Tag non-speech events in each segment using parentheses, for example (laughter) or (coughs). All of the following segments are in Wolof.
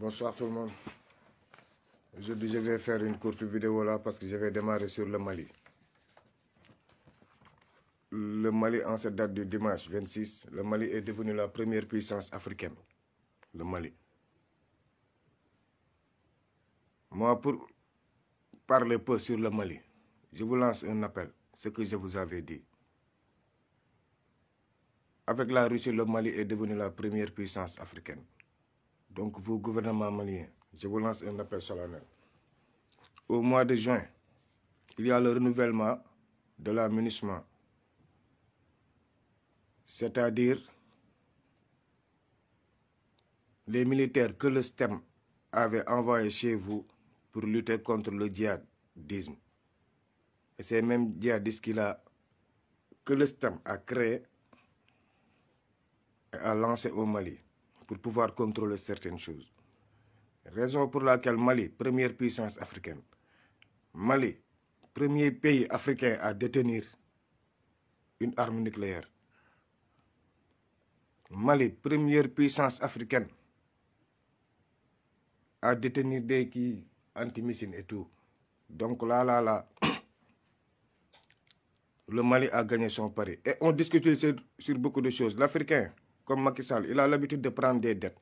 Bonsoir tout le monde. Aujourd'hui, je vais faire une courte vidéo là parce que je vais démarrer sur le Mali. Le Mali, en cette date du dimanche 26, le Mali est devenu la première puissance africaine. Le Mali. Moi, pour parler peu sur le Mali, je vous lance un appel, ce que je vous avais dit. Avec la Russie, le Mali est devenu la première puissance africaine. Donc, vous, gouvernement malien, je vous lance un appel solennel. Au mois de juin, il y a le renouvellement de l'aménagement. C'est-à-dire, les militaires que le STEM avait envoyés chez vous pour lutter contre le djihadisme. Et ces même djihadistes qu'il a, que le STEM a créé et a lancé au Mali. pour pouvoir contrôler certaines choses. Raison pour laquelle Mali, première puissance africaine, Mali, premier pays africain à détenir une arme nucléaire. Mali, première puissance africaine à détenir des qui antimissines et tout. Donc là, là, là, (coughs) le Mali a gagné son pari. Et on discute sur, sur beaucoup de choses. L'Africain, comme Macky Sall il a l'habitude de prendre des dettes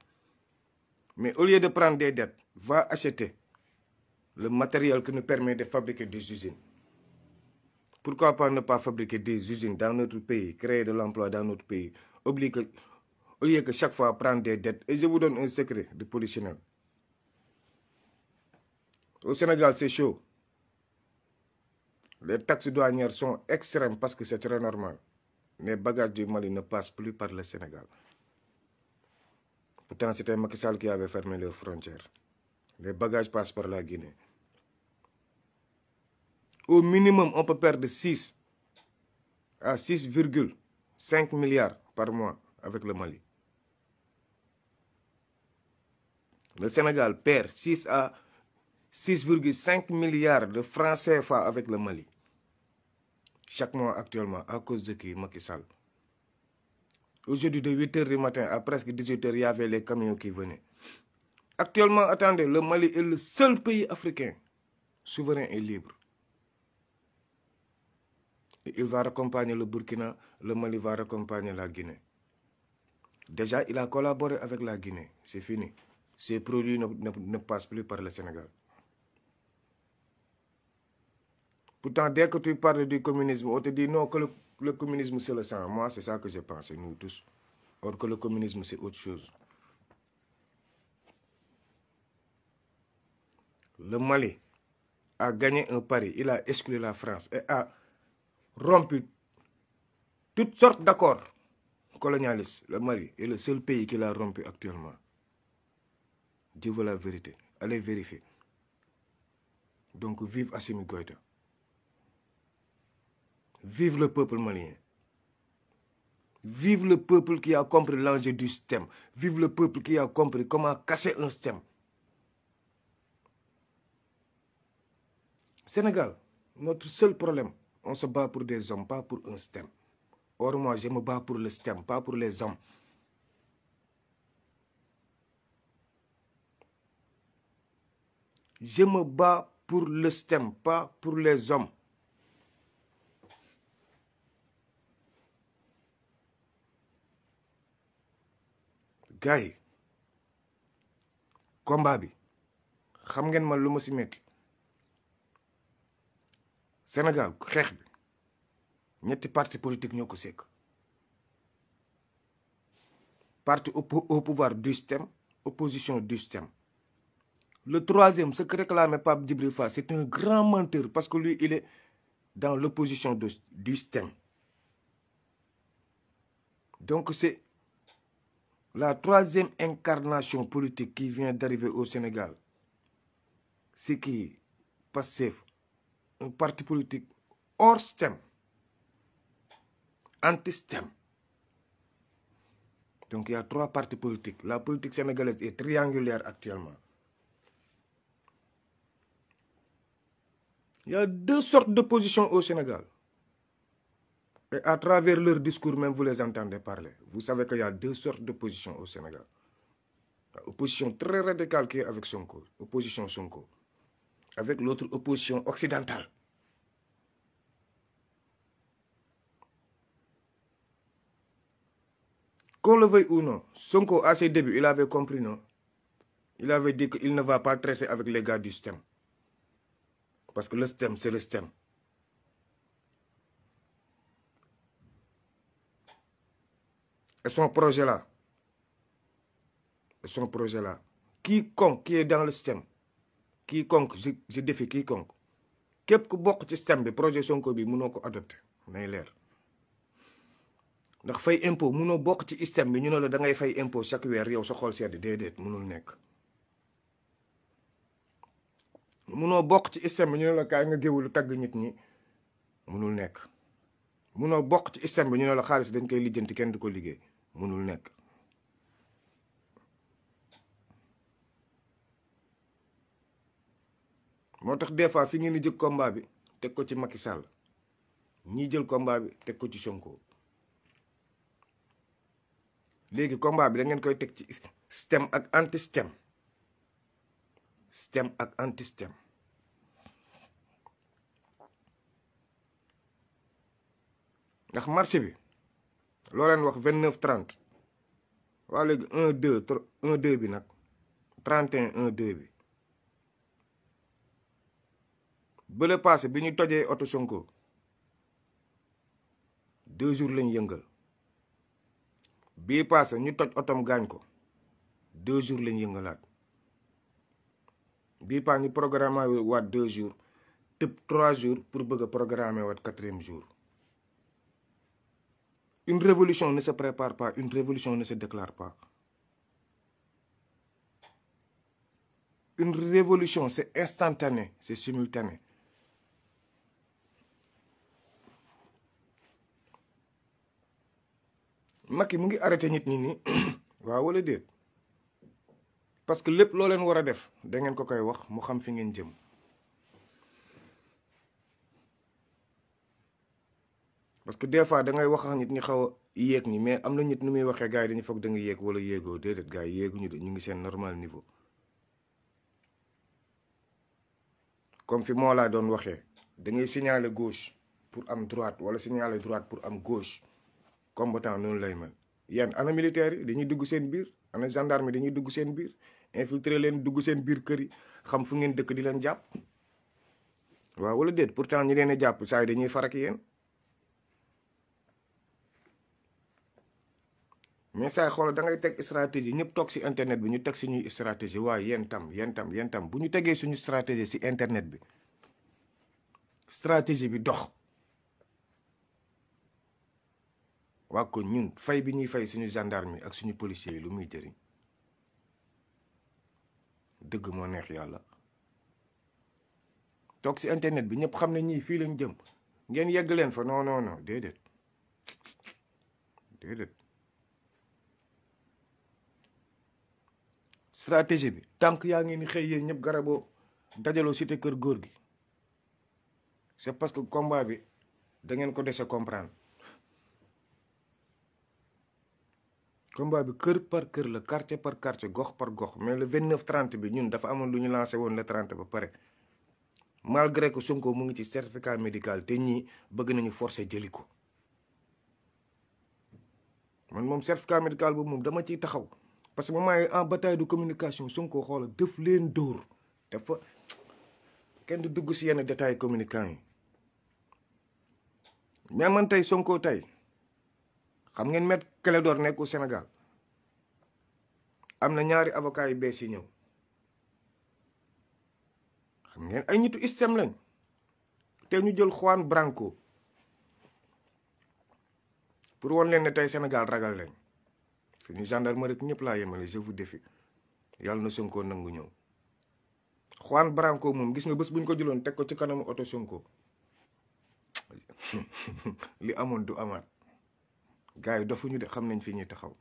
mais au lieu de prendre des dettes va acheter le matériel que nous permet de fabriquer des usines pourquoi pas ne pas fabriquer des usines dans notre pays créer de l'emploi dans notre pays oblige que au lieu chaque fois prendre des dettes et je vous donne un secret de polichinelle au Sénégal c'est chaud les taxes douanières sont extrêmes parce que c'est très normal les bagages du Mali ne passent plus par le Sénégal. Pourtant, c'était Macky Sall qui avait fermé leurs frontières. Les bagages passent par la Guinée. Au minimum, on peut perdre 6 à 6,5 milliards par mois avec le Mali. Le Sénégal perd 6 à 6,5 milliards de francs CFA avec le Mali. chaque mois actuellement à cause de qui Macky Aujourd'hui, de 8h du matin à presque 18h, il y avait les camions qui venaient. Actuellement, attendez, le Mali est le seul pays africain souverain et libre. Et il va accompagner le Burkina, le Mali va accompagner la Guinée. Déjà, il a collaboré avec la Guinée, c'est fini. Ses produits ne, ne, ne plus par le Sénégal. Pourtant, dès que tu parles du communisme, on te dit non, que le, le communisme, c'est le sang. Moi, c'est ça que je pense, nous tous. Or que le communisme, c'est autre chose. Le Mali a gagné un pari. Il a exclu la France et a rompu toutes sortes d'accords colonialistes. Le Mali est le seul pays qui l'a rompu actuellement. Dieu veut la vérité. Allez vérifier. Donc, vive à Goïta. Vive le peuple malien. Vive le peuple qui a compris l'enjeu du système. Vive le peuple qui a compris comment casser un système. Sénégal, notre seul problème, on se bat pour des hommes, pas pour un système. Or, moi, je me bats pour le système, pas pour les hommes. Je pour le système, pas pour les hommes. gars yi bi xam ngeen ma lu ma si metti Sénégal xeex bi ñetti parti politique ñoo ko sekk parti au pouvoir du système opposition du système le troisième ce que réclamait Pape Djibril Fall c'est un grand menteur parce que lui il est dans l'opposition du système donc c'est la troisième incarnation politique qui vient d'arriver au Sénégal c'est qui Pastef un parti politique hors système anti-système donc il y a trois partis politiques la politique sénégalaise est triangulaire actuellement il y a deux sortes d'opposition au Sénégal Et à travers leur discours même, vous les entendez parler. Vous savez qu'il y a deux sortes d'opposition au Sénégal. L'opposition très radicale qui est son Sonko, opposition Sonko, avec l'autre opposition occidentale. Qu'on le veuille ou non, Sonko, à ses débuts, il avait compris, non Il avait dit qu'il ne va pas traiter avec les du STEM. Parce que le STEM, c'est le STEM. et son projet la et son projet là quiconque qui est dans le système quiconque je je défie quiconque képp ku bokk ci système bi projet Sonko bi munoo ko adopté nay leer ndax fay impôt mënoo bokk ci système bi ñu ne la da ngay fay impôt chaque weer yow sa xool sedd déedéet mënul nekk. munoo bokk ci système bi ñu ne la kaay nga géwulu tagg nit ñi munul nekk munoo bokk ci système bi ñu ne la xaalis dañ koy lijjanti kenn du ko liggéey mënul nekk moo tax des fois fi ngeen di jël combat bi teg ko ci Macky Sall ñii jël combat bi teg ko ci Sonko léegi combat bi da ngeen koy teg ci système ak anti système système ak anti système ndax marché bi loo leen wax vingt neuf trente waa léegi un deux un deux bi nag trente un un deux bi bële passé bi ñu tojee oto Sonko deux jours lañ yëngal bii passé ñu toj otom gaañ ko deux jours lañ yëngalaat bii passé ñu programme waat deux jours tëb trois jours pour bëgg a programmer waat quatrième jour Une révolution ne se prépare pas, une révolution ne se déclare pas. Une révolution, c'est instantané, c'est simultané. Macky mu ngi arrêté nit ñi nii (coughs) waaw wala déet parce que lépp loo leen war a def da ngeen ko koy wax mu xam fi ngeen jëm. parce que des fois da ngay nit ñi xaw a yéeg ñi mais am na ñit nu muy waxee gars yi dañu foog da nga yéeg wala yéegoo déedéet gars yi yéeguñu de ñu ngi seen normal niveau comme fi moo laa doon waxee da ngay signaler gauche pour am droite wala signaler droite pour am gauche combattant noonu lay mel yéen ana militaire yi dañuy dugg seen biir ana gendarme yi dañuy dugg seen biir infiltrer leen dugg seen biir kër yi xam fu ngeen dëkk di leen jàpp waaw wala déet pourtant ñi leen a jàpp saa yi dañuy yéen mais saa xoolal da teg stratégie ñëpp toog si internet bi ñu teg suñuy stratégie waaye yéen tam yéen tam yéen tam bu ñu tegee suñu stratégie si internet bi stratégie bi dox waa ko ñun fay bi ñuy fay suñu gendarme ak suñu policier yi lu muy jëriñ dëgg moo neex yàlla toog si internet bi ñëpp xam ne ñii fii lañ jëm ngeen yegg leen fa non non déedéet stratégie bi tànk yaa ngeen ni xëy yéen ñëpp garaboo dajaloo cité kër góor gi c'est parce que combat bi da ngeen ko dese comprendre combat bi kër par kër la quartier par quartier gox par gox mais le 29 30 bi ñun dafa amoon lu ñu lancé woon le 30 ba pare malgré ko Sonko mu ngi ci certificat médical te ñii bëgg nañu forcer jëli ko man moom certificat médical bu moom dama ciy taxaw. parce que moment en bataille de communication Sonko xoolal def leen dóor dafa kenn du dugg si yenn détails communicants yi mais man tey Sonko tey xam ngeen met Clédor nekk au Sénégal am na ñaari avocats yu bees yi ñëw xam ngeen ay ñitu système lañ te ñu jël Juan Branco pour won leen ne tey Sénégal ragal leen ñu suñu gendarmerie ñëpp laa yemale je vous défie yàlla na Sonko nangu ñëw. Juan Branco moom gis nga bés buñ ko jëloon teg ko ci kanamu oto Sonko (laughs) li amoon du amaat gars yi dofuñu de xam nañ fi ñuy taxaw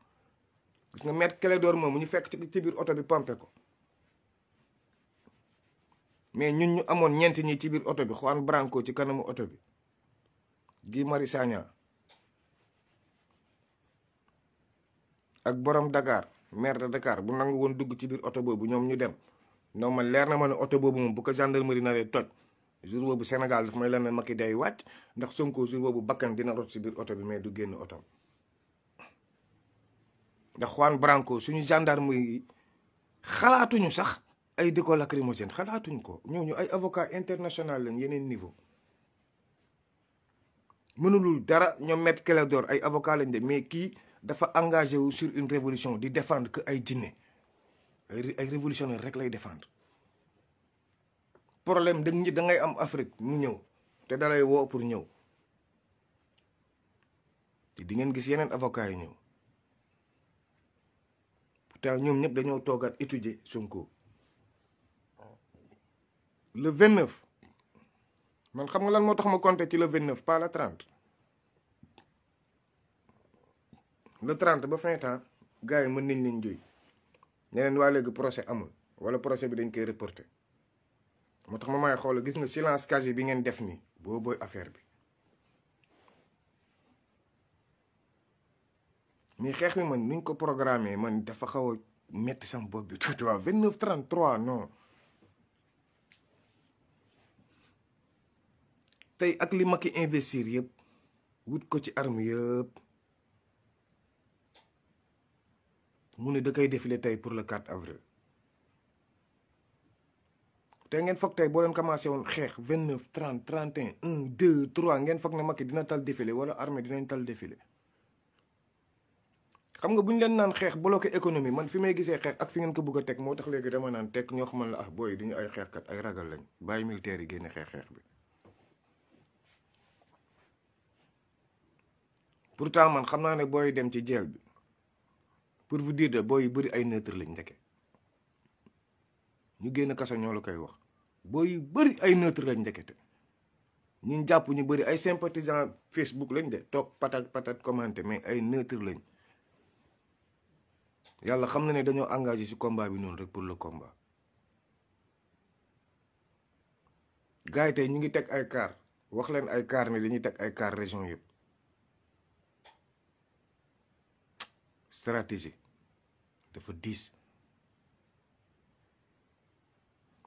gis nga maître Clédor moom ñu fekk ci biir oto bi pompé ko. ñun ñu amoon ñeenti ñi ci biir oto bi Juan Branco ci kanamu oto bi Guy Marius Sagna ak borom dakaar maire de Dakar bu nangu woon dugg ci biir oto boobu ñoom ñu dem non ma leer na ma ne oto boobu moom bu ko gendarmerie naree toj jour boobu Sénégal daf may lan ma Macky day wàcc ndax Sonko jour boobu bakkan dina rot ci biir oto bi mais du génn oto ndax Juan Branco suñu gendarmerie yi xalaatuñu sax ay di ko xalaatuñ ko ñooñu ay avocat international lañ yeneen niveau mënulul dara ñoom maître Clédor ay avocat lañ de mais kii dafa engagé wu sur une révolution di défendre que ay jinne ay révolutionnaire rek lay défendre problème da da ngay am Afrique mu ñëw te dalay woo pour ñëw te di ngeen gis yeneen avocat yi ñëw pourtant ñoom ñëpp dañoo toogaat étudier Sonko le 29 man xam nga lan moo tax ma compter ci le 29 pas le 30 le 30 ba fin temps gars yi mën nañ leen jooy ne leen waa léegi procès amul wala procès bi dañ koy reporter moo tax ma may xool gis nga silence quasi bi ngeen def nii boobooy affaire bi. mais xeex mi man nuñ ko programmé man dafa xaw a métti sama bopp bi tuuti waaw 29 33 non. tey ak li Macky investir yëpp wut ko ci arme yëpp. mu ne da koy défilé tey pour le 4 avril te ngeen foog tey boo leen commencé woon xeex 29 30 31 1 2 3 ngeen foog ne ki dina tal défilé wala armée dinañ tal défilé xam nga bu ñu leen naan xeex bloqué économie man fi may gisee xeex ak fi ngeen ko bëgg a teg moo tax léegi dama naan teg ñoo xamal la ah booy duñu ay xeexkat ay ragal lañ baay militaire yi génne xeex xeex bi. pourtant man xam naa ne booy dem ci jeel bi pour vous dire de booy yu bëri ay neutre lañ ndeke ñu génn kaso ñoo la koy wax booy yu bëri ay neutre lañ ndekete ñun jàpp ñu bëri ay sympathisant Facebook lañ de toog patat patat commenté mais ay neutre lañ yàlla xam na ne dañoo engage ci combat bi noonu rek pour le komba gars ñu ngi teg ay car wax leen ay car ne dañuy teg ay car région yëpp stratégie dafa diis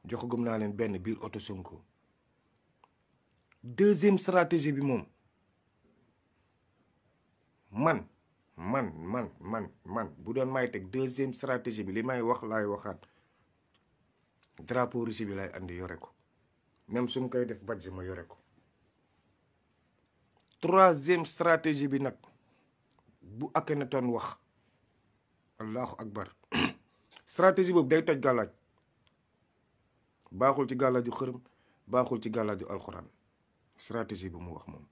jox gëm naa leen benn biir oto Sonko deuxième stratégie bi moom man man man man man bu doon may teg deuxième stratégie bi li may wax laay waxaat drapeau Russie bi laay andi yore ko même sum ma koy def badge ma yore ko troisième stratégie bi nag bu Akhenaton wax allahu akbar (coughs) stratégie boobu day toj gàllaaj baaxul ci gàllaaju xërëm baaxul ci gàllaaju alxuraan stratégie bi mu wax moom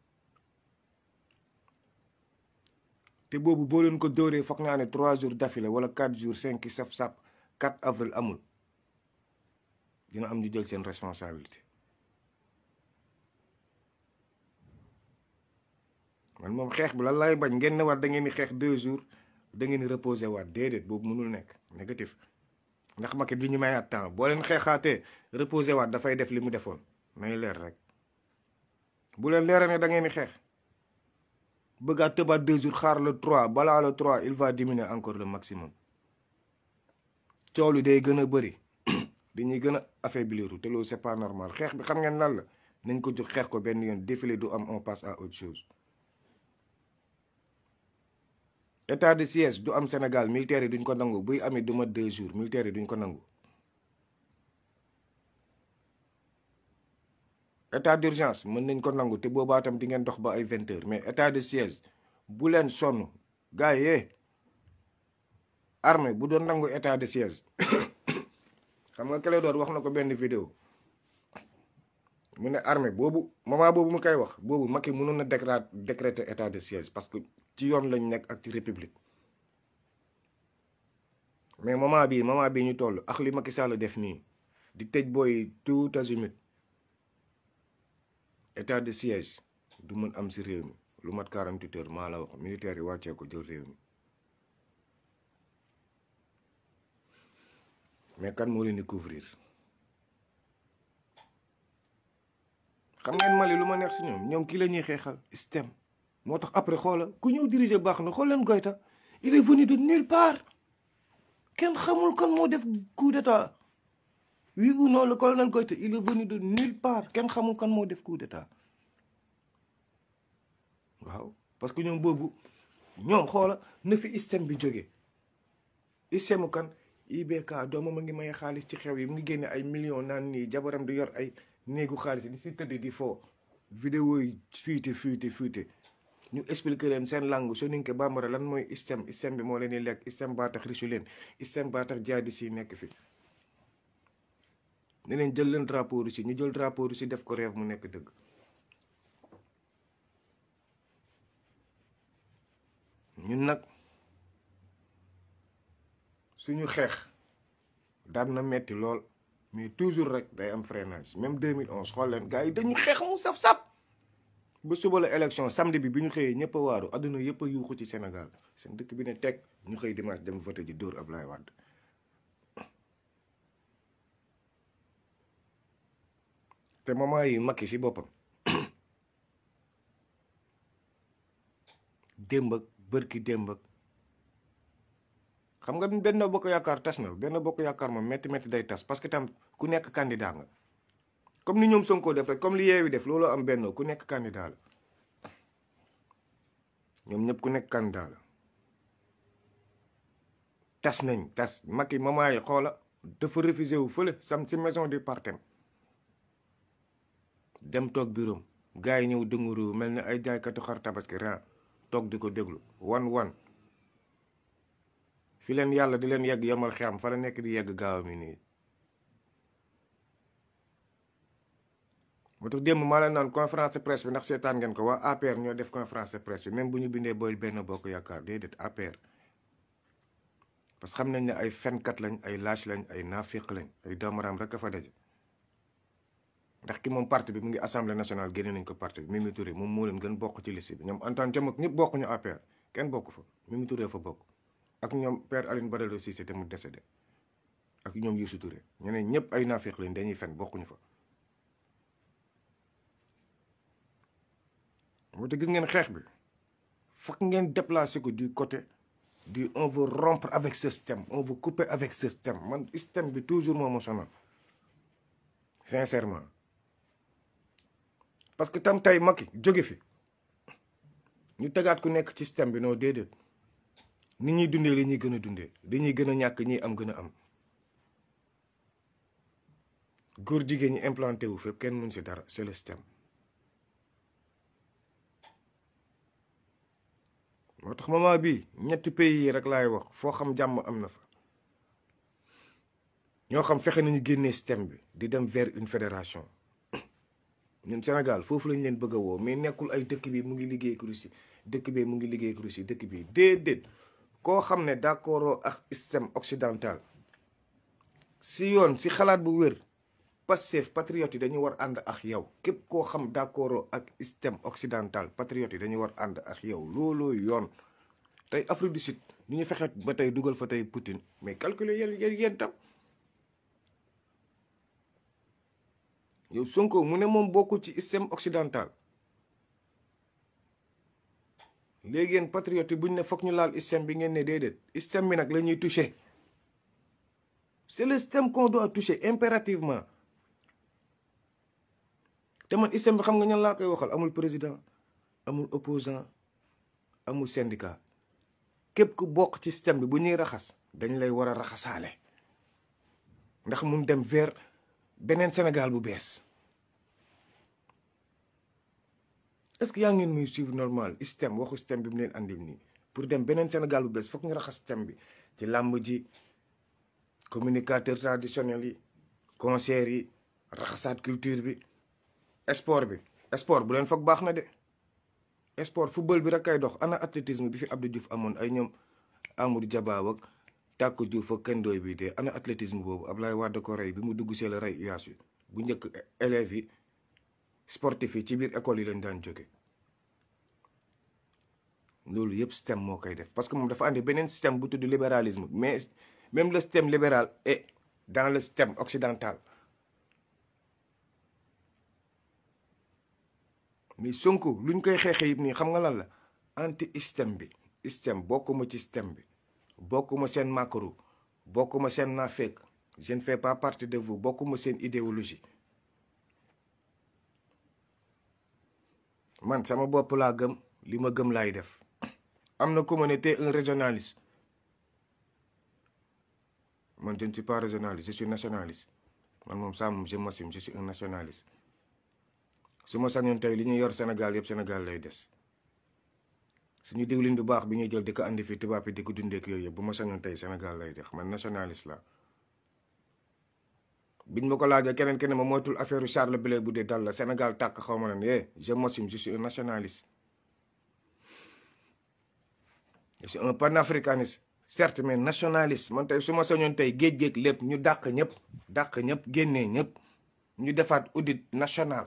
te boobu boo leen ko dóoree foog naa ne trois jours d'affilée wala quatre jours cinq saf sap 4 avril amul dina am ñu jël seen responsabilité man moom xeex bi lan laay bañ ngeen ne war da ngeen di xeex deux jours da ngeen reposé waat déedéet boobu mënul nekk négatif ndax Macky du ñu mayaat temps boo leen xeexaatee reposé waat dafay def li mu defoon nay leer rek bu leen leeree ne dangeen ngeen di xeex bëggaat tëbaat deux jours xaar le trois balaa le trois il va diminuer encore le maximum coow li day gën a bëri (coughs) dañuy gën a affaiblir te loolu c'est pas normal xeex bi xam ngeen lan la nañ ko jóg xeex ko benn yoon défilé du am on passe à autre chose état de siège du am Sénégal militaire duñ ko nangu buy amee du ma deux jours militaire yi duñ ko nangu état d'urgence mën nañ ko nangu te boobaa tam di ngeen dox ba ay vingt heures mais état de siège bu leen sonn gars yi armée bu doon nangu état de siège (coughs) xam nga Clédor wax na ko benn vidéo mu ne armée boobu moment boobu mu koy wax boobu Macky mënoon na décréter état de siège parce que ci yoon lañ nekk ak ci république mais moment bii moment bii ñu toll ak li Macky Sall def nii di tëj booy tout azimut état de siège du mën am si réew mi lu mat 48 heures maa la wax militaire yi wàccee ko jël réew mi mais kan moo leen couvrir xam ngeen Mali lu ma neex si ñoom ñoom kii la ñuy xeexal système moo tax après xoola ku ñëw diriger baax na xool leen Goïta il est venu du nulle paar kenn xamul kan moo def coup d'état oui ou non le colonel Goïta il est venu kenn xamul kan moo def coup waaw parce que ñoom boobu ñoom xoola na fi ISEM bi jóge ISEMu kan IBK doomam a ngi may xaalis ci xew yi mu ngi génne ay millions naan nii jabaram di yor ay néegu xaalis di si tëdd di foo vidéo yi fuite fuite fuite ñu expliquer leen seen langue soninke bambara lan mooy stem istem bi moo leen di lekk istem baa tax risu leen istem baa tax jaadi si nekk fi ne leen jël leen drapeau Russie ñu jël drapeau Russie def ko réew mu nekk dëgg ñun nag suñu xeex daan na metti lool mais toujours rek day am freinage même 2011 xool leen gars yi dañu xeex mu saf-saf ba suba la élection samedi bi bi ñu xëyee ñëpp a waaru adduna yëpp a yuuxu ci senegal seen dëkk bi ne teg ñu xëy dimanche dem voté ji dóor Ablaye Wade te moment yi Macky si boppam (coughs) démb ak bërki démb ak xam nga benn bokk yaakaar tas na benn bokk yaakaar moom metti métti day tas parce que tam ku nekk kàndidaa nga comme ni ñoom Sonko def rek comme li Yewwi def looloo am benn ku nekk candidat la ñoom ñëpp ku nekk daal la tas nañ tas Macky maman yi xoola dafa refusé wu fële sam ci maison du partem dem toog biroom gars yi ñëw dënguru mel ni ay jaaykatu xar tabaski ren toog di ko déglu wan wan fi leen yàlla di leen yegg yomal xam fa nekk di yegg gaawam yi nii moo tax démb maa leen naan conférence de presse bi ndax seetaan ngeen ko waa APR ñoo def conférence de presse bi même bu ñu bindee booy benn bokk yaakaar déedéet APR. parce que xam nañ ne ay fenkat lañ ay lâche lañ ay naafiq lañ ay doomaraam rek a fa daje ndax ki moom parti bi mu ngi assemblée nationale génne nañ ko part bi Mimi Touré moom moo leen gën bokk ci liste bi ñoom Antoine Diome ak ñëpp bokkuñu APR kenn bokk fa Mimi Touré fa bokk ak ñoom père Aline Badara Cissé te ñoom Youssou Touré ñeneen ñëpp ay naafiq lañ dañuy fen bokkuñu fa. bi te gis ngeen xeex bi fokk ngeen déplacer ko du côté di on veut rompre avec ce système on veut couper avec système man système bi toujours moo ma sonal sincèrement parce que tam tey Macky jóge fi ñu tegaat ku nekk ci système bi non déedéet ni ñuy dundee li ñuy gën a dundee li ñuy gën a ñàkk ñiy am gën a am góor jigéen ñi implanté wu fépp kenn mën si dara c'est le système moo tax moment bii ñetti pays yi rek laay wax foo xam jàmm am na fa ñoo xam fexe nañu génnee système bi di dem vers une fédération ñun Sénégal foofu lañ leen bëgg a woo mais nekkul ay dëkk bi mu ngi liggéey ak Russie dëkk bi mu ngi liggéey ak Russie dëkk bi déedéet koo xam ne d'accord ak système occidental si yoon si xalaat bu wér Pastef patriotes yi dañu war ànd ak yow képp koo xam d'accord ak système occidental patriotes yi dañu war ànd ak yow looloo yoon tey Afrique du Sud ñu ñu fexe ba tey dugal fa tey Poutine mais calculer yéen yéen yéen tam yow Sonko mu ne moom bokkul ci système occidental léegi yéen patriotes yi buñ ne foog ñu laal système bi ngeen ne déedéet système bi nag la ñuy touché c'est le système qu'on doit toucher impérativement te man système bi xam nga ñan laa koy waxal amul président amul opposant amul syndicat képp ku bokk ci système bi bu ñuy raxas dañ lay war a raxasaale ndax mun dem ver beneen Sénégal bu bees est-ce que yaa ngeen muy suivre normal système waxu système bi mu leen andil nii pour dem beneen Sénégal bu bees foog ñu raxas système bi ci làmb ji communicateur traditionnel yi conseillers yi raxasaat culture bi sport bi sport bu leen foog baax na de sport football bi rek kay dox ana athlétisme bi fi Abdou Diouf amoon ay ñoom Amadou Diabab ak Tàkku Diouf ak Kendoy bi de ana athlétisme boobu Ablaye Wade ko rey bi mu dugg see la rey UAS yi bu njëkk élèves yi sportif yi ci biir école yi lañ daan jóge loolu yëpp système moo koy def parce que moom dafa andi beneen système bu tudd libéralisme mais même le système libéral est dans le système occidental mais Sonko luñ koy xeexee yëpp nii xam nga lan la anti système bi système bokkuma ci système bi bokkuma seen macro bokkuma seen naafeq je ne fait pas partie de vous bokkuma seen idéologie man sama bopp laa gëm li ma gëm laay def am na ku un régionaliste man je ne suis pas régionaliste je suis nationaliste man moom ça moom je m'assume je suis un nationaliste su ma sañoon tey li ñu yor senegal yëpp senegal lay des suñu diwlin bu baax bi ñuy jël di ko andi fii tubaab yi di ku dundeek yooyu yëpp bu ma sañoon tey Sénégal lay des man nationaliste la biñ ma ko laajee keneen keneen ma moytul affaire Charles Blé bu dee dal la Sénégal tàkk xaw ma ne eh je m'assume je suis un nationaliste. je suis man tey su ma sañoon tey géej géej lépp ñu dàq ñëpp dàq ñëpp génnee ñëpp ñu defaat audit national.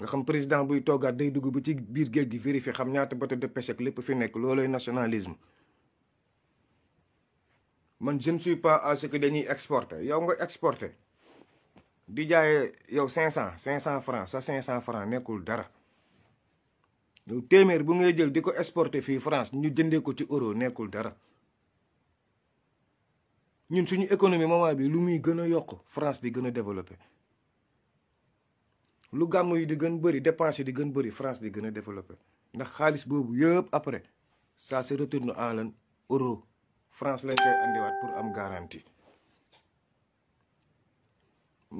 nga xam président buy toogaat day dugg ba ci biir géej gi vérifié xam ñaata bateau de pêche ak lépp fi nekk loolooy nationalisme man je ne suis pas à ce que dañuy exporter yow nga exporter di jaayee yow 500 500 francs sa 500 francs nekkul dara yow bu ngay jël di ko exporter fii France ñu jëndee ko ci euro nekkul dara ñun suñu économie moment bi lu muy gën a yokk France di gën a développé. lu gàmm yi di gën bëri dépense yi di gën bëri France di gën a développé ndax xaalis boobu yëpp après ça se retourne en lan euro France lañ koy andiwaat pour am garantie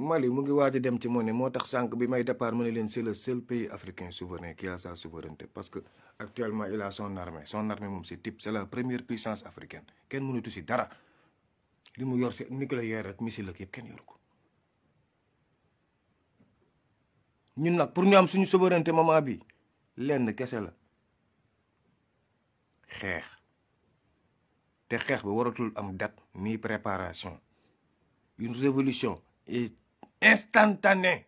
Mali mu ngi waaj a dem ci monnaie moo tax sànq bi may départ mu ne leen c'est le seul pays africain souverain qui a sa souveraineté parce que actuellement il son armée son armée moom c'est type c'est la première puissance africaine kenn mënatu si dara li mu yor si nucléaire ak missile ak yëpp kenn yoru ko ñun nag pour ñu am suñu souveraineté moment bi lenn kese la xeex te xeex bi waratul am dat mi préparation une révolution est instantanée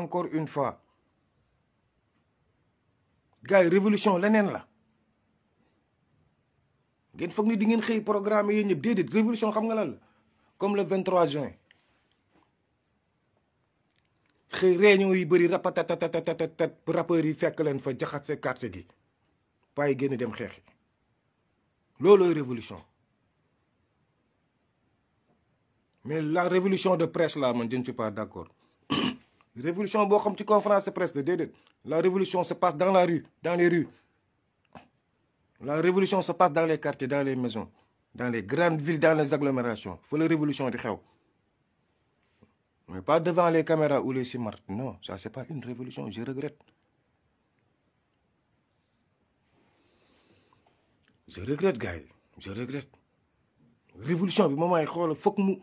encore une fois gars yi révolution leneen la ngeen foog ni di ngeen xëy programme yéen ñëpp déedéet révolution xam nga lan la comme le 23 juin xëy réunion yi bëri rapatatatatat rappeurs yi fekk leen fa jaxase quartier gi paa yi génn dem xeexi loolooy révolution mais la révolution de presse la man je ne suis pas d'accord (coughs) révolution boo xam ci conférence de presse de déedéet la révolution se passe dans la rue dans les rues la révolution se passe dans les quartiers dans les maisons dans les grandes villes dans les agglomérations fa la révolution di xew mais pas devant les caméras ou les cimards non ça c'est pas une révolution je regrette je regrette révolution bi moom ay xoola foog mu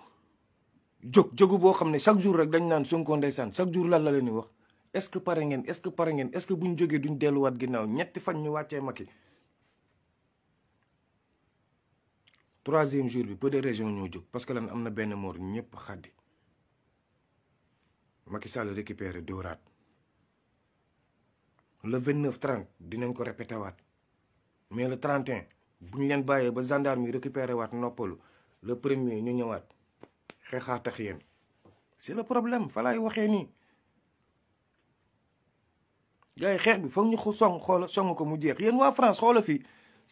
jóg jógu boo xam ne chaque jour rek dañ naan Sonko ndeysaan chaque jour lan la leen di wax est-ce que pare ngeen est-ce que pare ngeen est-ce que buñ jógee duñ delluwaat ginnaaw ñetti fan ñu wàccee Macky troisième jour bi peu de région ñoo jóg parce que la am na benn moor ñëpp xaddi Macky Sall récupéré dóoraat le 29 30 dinañ ko répété waat mais le 31 bu ñu leen bàyyee ba gendarme yi récupéré waat noppalu le premier ñu ñëwaat xeexaat ak yéen c'est le problème falaay waxee nii. gars yi xeex bi foog ñu song xoola song ko mu jeex yéen waa France xoola fii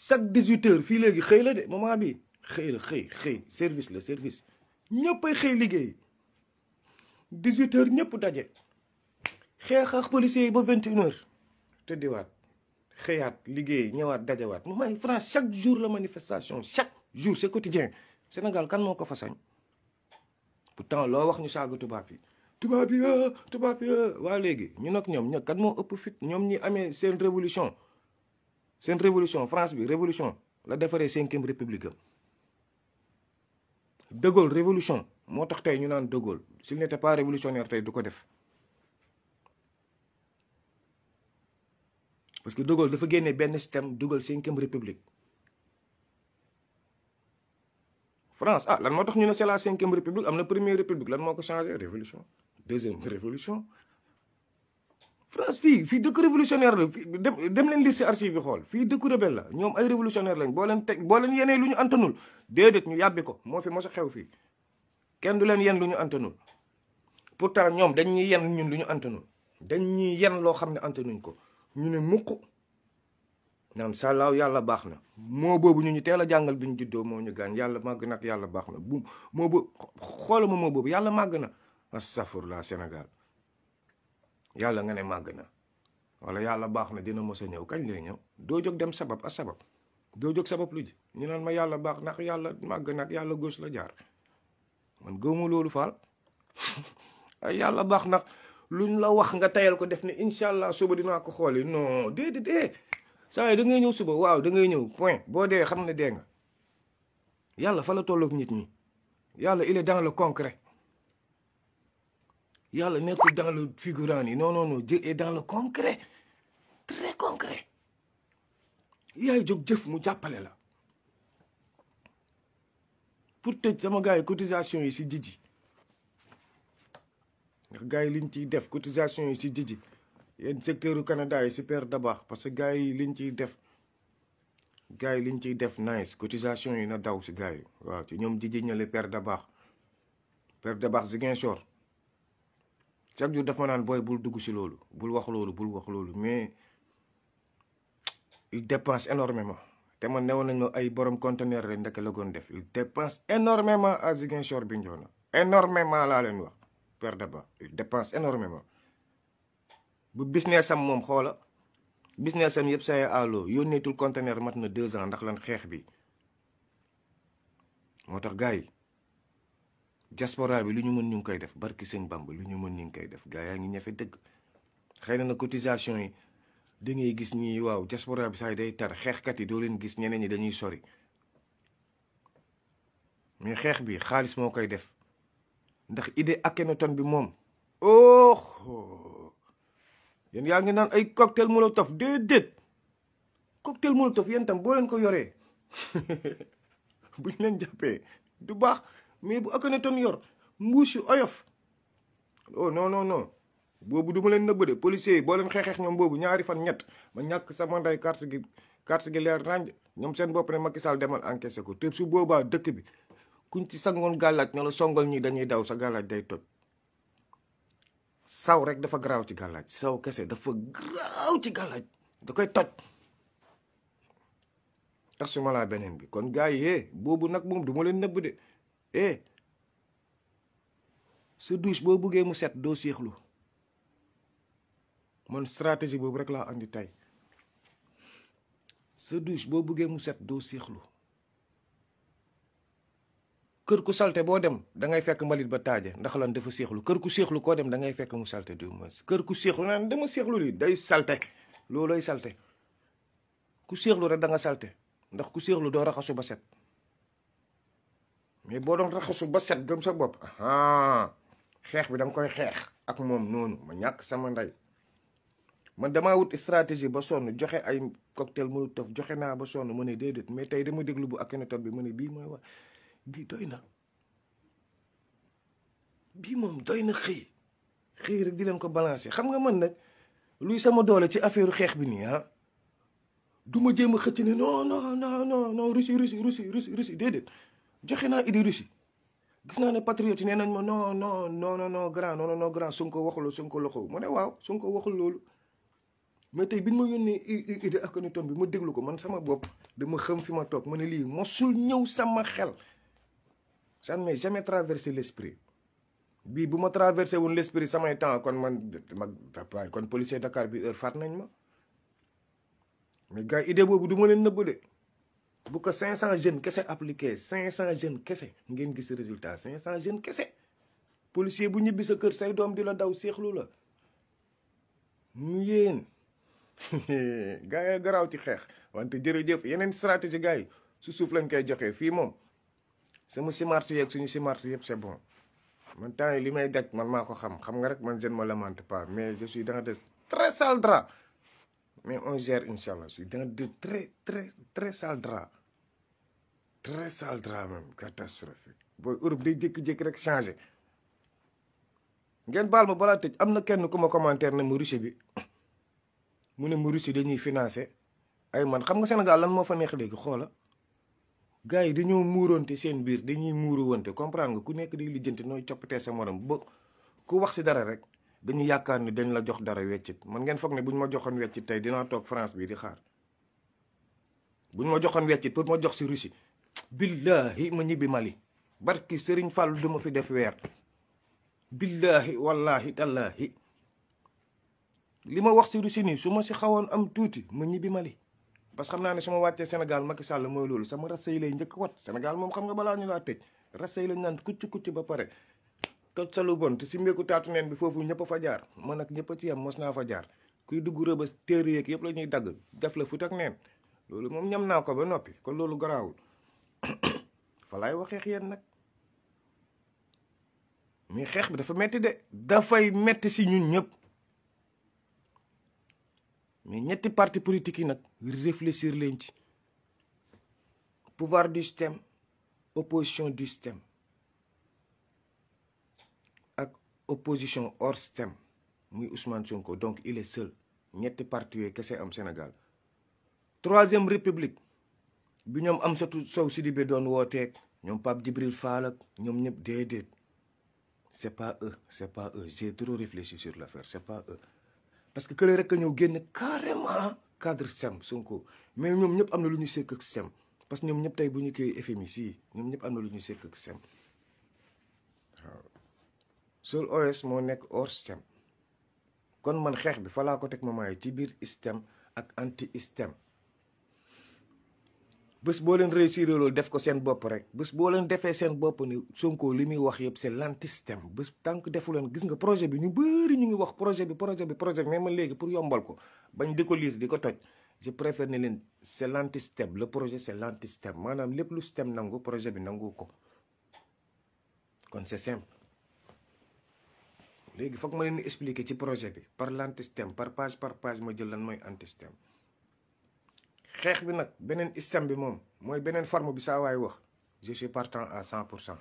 chaque 18 heures fii léegi xëy la de moment bi xëy la xëy xëy service la service ñëppay xëy liggéey. dix-huit heures ñëpp daje xeexaax policiers yi ba vingt te diwaat xëyaat liggéey ñëwaat dajawaat mu may France chaque jour la manifestation chaque jour c'est quotidien Sénégal kan moo ko fa sañ temps loo wax ñu saaga tubaab yi tubaab yi ah, tubaab yi ah. waa léegi ñu nag ñoom ña kan moo ëpp fit ñoom ñi amee seen révolution seen révolution France bi révolution la defaree cinquième république am de révolution moo tax tey ñu naan De Gaulle s'il n'était pas révolutionnaire tey du ko def parce que De dafa génne benn système dugal cinquième république France ah lan moo tax ñu ne c'est la cinquième république am na première république lan moo ko changé révolution deuxième (laughs) révolution France fii fii dëkk révolutionnaire la fii dem dem leen lire ci archive yi xool fii dëkku rebelle la ñoom ay révolutionnaire lañ boo leen teg boo yenee lu ñu antanul déedéet ñu yàbbi ko moo fi mos a xew fii kenn du leen yen lu ñu antanul pourtant ñoom dañ ñuy yen ñun lu ñu antanul dañ ñuy yen loo xam ne antanuñ ko ñu ne mukk naan sàllaaw yàlla baax na moo boobu ñu ñu teel a jàngal bi ñu juddoo moo ñu gaañ yàlla màgg nag yàlla baax na bu moo boobu xoola ma moo boobu yàlla màgg na astafurlaa Sénégal yàlla nga ne màgg na wala yàlla baax na dina mos a ñëw kañ lay ñëw doo jóg dem sabab a sabab doo jóg sabab lu ji ñu naan ma yàlla baax nag yàlla màgg nag yàlla góos la jaar man gëwma loolu faal (laughs) ay yàlla baax nag luñ la wax nga tayal ko def ne incha allah suba dinaa ko xooli non déedéet eh. saa yi da ngay ñëw suba waaw da ngay ñëw point boo dee xam ne dee nga yàlla fa la tolloog nit ñi yàlla il est dans concret yàlla nekkul dans le figurant yi non non non Dieu dans le concret très concret yaay jóg jëf mu jàppale la pour tëj sama gars yi cotisation yi si jiji ndax gars yi liñ ciy def cotisation yi si jiji yenn secteur u Canada yi si per da baax parce que gars yi liñ ciy def gars yi liñ ciy def nice cotisation yi na daw si gars yi waaw ci ñoom jiji ñale per da baax per da baax si Ziguinchor chaque jour dafa naan booy bul dugg si loolu bul wax loolu bul wax loolu mais il dépense énormément te man newoon nañ ma ay borom conteneur lañ ndeke la goon def il dépense énormément à Ziguinchor bi Bignona énormément laa leen wax Père ba il dépense énormément bu business sam moom xoola business am yëpp allo àllo yónneetul conteneur mat na deux ans ndax lan xeex bi moo tax gars yi diaspora bi lu ñu mën ñu ngi koy def barki sëñ Bamba lu ñu mën ñu ngi koy def gars yaa ngi ñafe dëgg xëy na na cotisation yi da ngay gis ñi waaw diaspora bi day tar xeexkat yi doo leen gis ñeneen ñi dañuy sori mais xeex bi xaalis moo koy def ndax idée Akhenaton bi moom oh yéen yaa ngi naan ay cocktail molotov déedéet cocktail molotov yéen tam boo leen ko yoree (laughs) buñ leen jàppee du baax mais bu Akhenaton yor mbuus yu oyof oh non non non boobu du ma leen nëbb de policiers yi boo leen xeexeex ñoom boobu ñaari fan ñett ma ñàkk sama nday carte gi carte gi leer nañ ñoom seen bopp ne Macky Sall demal encaissé ko te su boobaa dëkk bi kuñ ci sangoon gàllaaj ne la songal ñi dañuy daw sa gàllaaj day toj saw rek dafa garaaw ci gàllaaj saw kese dafa garaaw ci gàllaaj da koy toj tax beneen bi kon gars yi eh, boobu nag moom du leen nëbb de eh sa boo buggee mu set doo séexlu man stratégie boobu rek laa andi tey sa douche boo buggee mu set doo siixlu kër ku salte boo dem da ngay fekk mbalit ba taaje ndax lan dafa siixlu kër ku siixlu koo dem da ngay fekk mu salte du moins kër ku siixlu naan dama siixlu lii day salte loolooy salte ku siixlu rek da nga salte ndax ku siixlu doo raxasu ba set mais boo doon raxasu ba set gëm sa bopp xeex bi da koy xeex ak moom noonu ma ñàkk sama ndey man damaa wut stratégie ba sonn joxe ay cocktail molotov joxe naa ba sonn mu ne déedéet mais tey dama déglu bu Akhenaton bi mu ne bii mooy wax bii doy na bii moom doy na xëy xëy rek di leen ko balancer xam nga man nag luy sama doole ci affaire xeex bi nii ah du ma jéem a xëcc ne non non non non non Russie Russie Russie Russie Russie déedéet joxe naa idée Russie gis naa ne patriote yi nee nañ ma non non non non grand non non grand Sonko waxul Sonko ne waaw Sonko waxul loolu. mais tey bi ñu ma yónnee idée ak Akhenaton bi ma déglu ko man sama bopp dama xam fi ma toog ma ne lii mosul ñëw sama xel ça mais m'est jamais traversé l'esprit bii bu ma traversé woon l'esprit samay temps kon man waaye kon policier Dakar bi heure faat nañ ma mais gars boobu du ma leen nëbb de bu ko 500 jeunes kese appliqué 500 jeunes kese ngeen gis résultat 500 jeunes kese policier bu ñibbi sa kër say doom di la daw seexlu la mu yéen (laughs) gars yi garaaw ci xeex wante jërëjëf yeneen stratégie gars yi su suuf lañ koy joxee fii moom sama simart yeeg suñu simart yëpp c'est bon man temps yi li may daj man maa ko xam xam nga rek man je ne me lamente pas mais je suis de très sales draps mais on gère incha allah su suis dans de très très très sales draps très sales draps même catastrophique booy Europe day jékki-jékki rek changé ngeen baal ma balaa tëj am na kenn ku ma commentaire ne mu russe bi mu ne mu Russie dañuy financé ay man xam nga Sénégal lan moo fa neex léegi xoola gars yi dañoo muuronte seen biir dañuy muuruwante comprendre nga ku nekk di lijjanti nooy coppitee sa morom ba ku wax si dara rek dañu yaakaar ni dañ la jox dara weccit man ngeen foog ne bu ñu ma joxoon weccit tey dinaa toog France bii di xaar bu ñu ma joxoon weccit pour ma jox si Russie billahi ma ñibbi Mali barki Serigne Fall du fi def weer billahi wallahi tallahi li ma wax si Russie su ma si xawoon am tuuti ma ñibbi Mali parce que xam naa ne su ma wàccee Sénégal Macky Sall mooy loolu sama rasta yi lay njëkk wat senegal moom xam nga balaa ñu laa tëj rasta yi lañ naan kucc kucc ba pare toj sa lu bon te si mbeeku taatu neen bi foofu ñëpp a fa jaar man nag ñëpp a ci yam mos naa fa jaar kuy dugg rëba téere yeeg yëpp la ñuy dagg def la fut ak neen loolu moom ñam naa ko ba noppi kon loolu garaawul (coughs) fa laay waxee yéen nag mais xeex bi dafa metti de dafay metti si ñun ñëpp mais ñetti parti politique yi nag réfléchir leen ci pouvoir du système opposition du système ak opposition hors système muy Ousmane Sonko donc il est seul ñetti parti yooyu kese am Sénégal troisième république bu ñoom am Amsatou Sow Sidibé doon wooteeg ñoom Pape Djibril Fall ñoom ñëpp déedéet c'est pas eux c'est pas eux j'ai trop réfléchi sur l'affaire c'est pas eux parce que kële rek a ñëw génne carrément cadre sem Sonko mais ñoom ñëpp am na lu ñu sekk ak sem parce que ñoom ñëpp tey bu ñu koy FMI si ñoom ñëpp am na lu ñu sekk ak sem waaw seul moo nekk hors sem kon man xeex bi falaa ko teg ma ci biir système ak anti système bës boo leen réussir loolu def ko seen bopp rek bés boo leen defee seen bopp ni Sonko li muy wax yëpp c'est l'antisystème bés tant que defu leen gis nga projet bi ñu bëri ñu ngi wax projet bi projet bi projet bi mais man léegi pour yombal ko bañ di ko liir di ko toj je préfère ne leen c'est l'antisystème le projet c'est l'antisystème maanaam lépp lu système nangu projet bi nangu ko kon c'est simple léegi foog ma leen expliquer ci projet bi par l'antisystème par page par page ma jël lan mooy antisystème xeex bi nag beneen système bi moom mooy beneen forme bi saa wax je suis partant à cent pour cent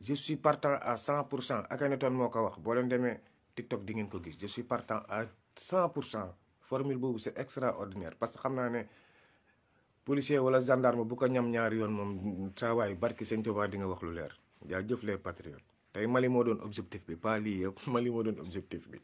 je partant à cent pour cent Akhenaton moo ko wax boo leen demee TikTok di ngeen ko gis je suis partant à cent pour cent formule boobu c'est ordinaire parce que xam naa ne policier wala gendarme bu ko ñam ñaari yoon moom saa waay barki sëñ Tuubaa di nga wax lu leer yaa jëf les patriotes tey Mali moo doon objectif bi pas lii yëpp (laughs) Mali moo doon objectif bi